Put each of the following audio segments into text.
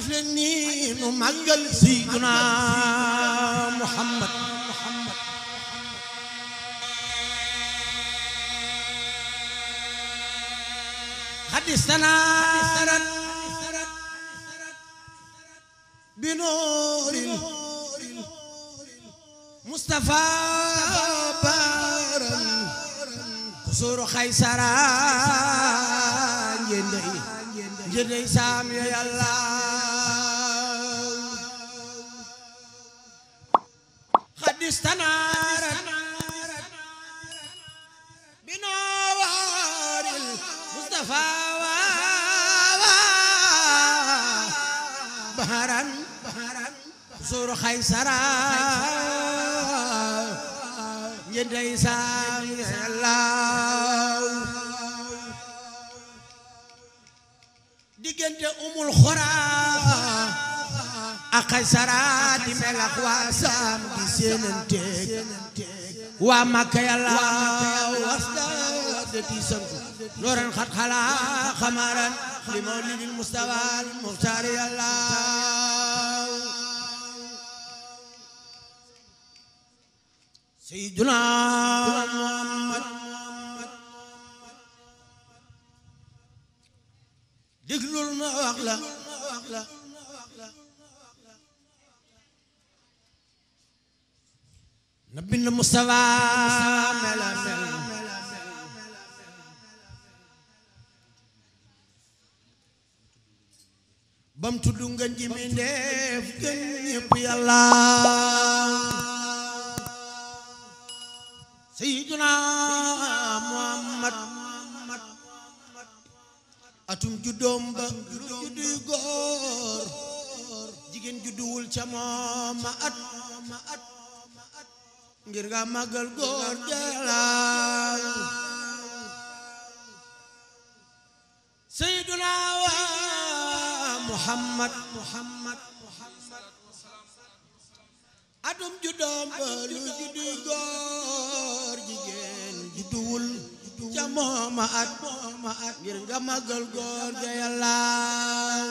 def leen nii nu màggal Seydina Muhammad xadis tanaarat bi noorin Mustafa baaran xusuru xaysara njëndey njëndey saam ya yàlla استنارت بنوار المصطفى بهرا زور خيسرا يدي سامي الله ديجنت ام الخرا akay saraat di melax waa saam di séenanteeg waa makka yàlla was da di santu looran xat xalaa xamaaran li mawlidil mustawaal muxtaar yàlla sayyiduna muhammad déglul ma wax la na bind Moustapha mela bam tudd nga ji mi ndeef gën ñëpp yàlla sayyiduna Muhammad atum juddoom ba judduy góor jigéen judduwul ca moom ma at ngir nga màggal góor jalaal sayyiduna wa muhammad muhammad atum juddoom balu juddu góor jigéen judduwul ca mooma at mooma at ngir nga màggal góor jalaal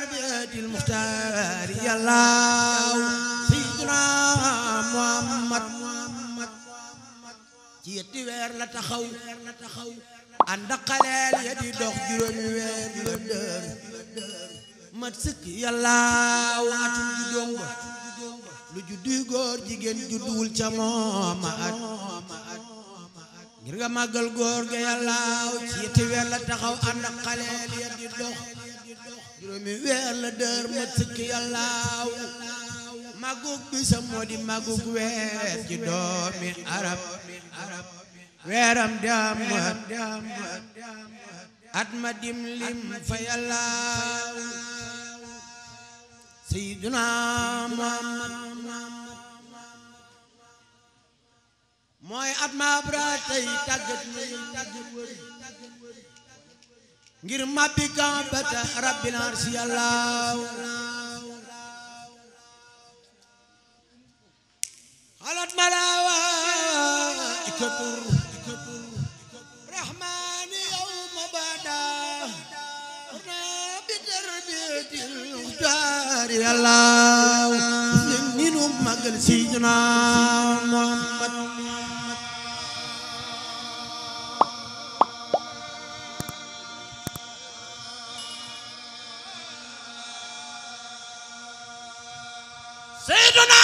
تربية المختار يا الله سيدنا محمد mat sëkk yàllaaw atum juddoom ba lu judduy góor jigéen judduwul ca mooma at ngir nga màggal góor ga yàllaaw ci yetti weer la taxaw ànd ak xaleel ya dox weer la dër ma sëkk yàllaaw màggug bisa moo di màggug weer ci doomi arab weeram daam at ma dim fa yàllaaw sayyiduna Muhammad mooy at ma abra tey tàggat ngir mabbi kaabata rabbil arsi yàllaaw xalat malaa'ikatur rahmaani yawma bada na bi tarbiyatil muxtaar yàllaaw minum magal sayyidina Seydina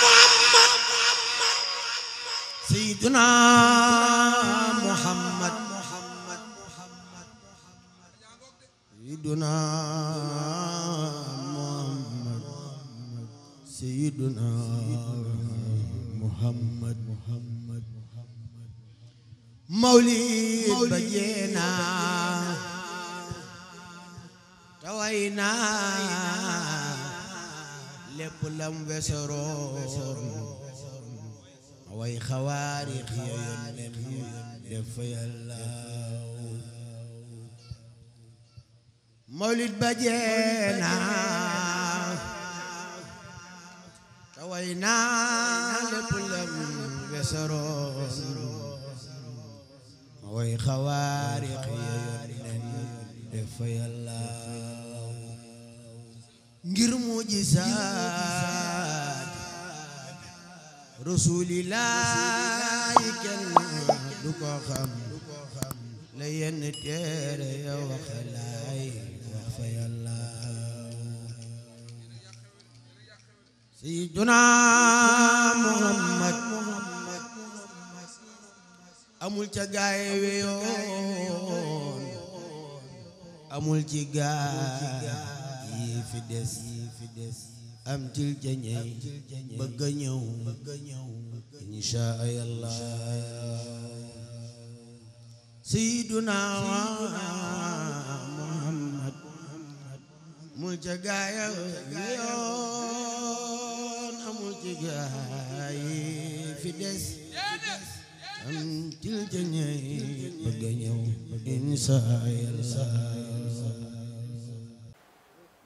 Muhammad Seydina Muhammad Seydina Muhammad Seydina Muhammad Muhammad mawlid ba jeena tawayna lépp lam weseroon way xawaarix ya yónneen yi def yàllaaw mawlid ba jeena te way naa lépp lam weseroon way xawaarix ya yónneen def yàllaaw ngir mu'jizaat rasuulillaahi kenn du ko xam la yenn téere ya wax laay wax fa yàlla sayyiduna muhammad amul ca gaay weyoon amul ci gaay yi fi des am til jañe bëgg a ñëw insha Allah sayyiduna Muhammad mu ca gaaya yoon amul ci gaay yi fi des am til jañe bëgg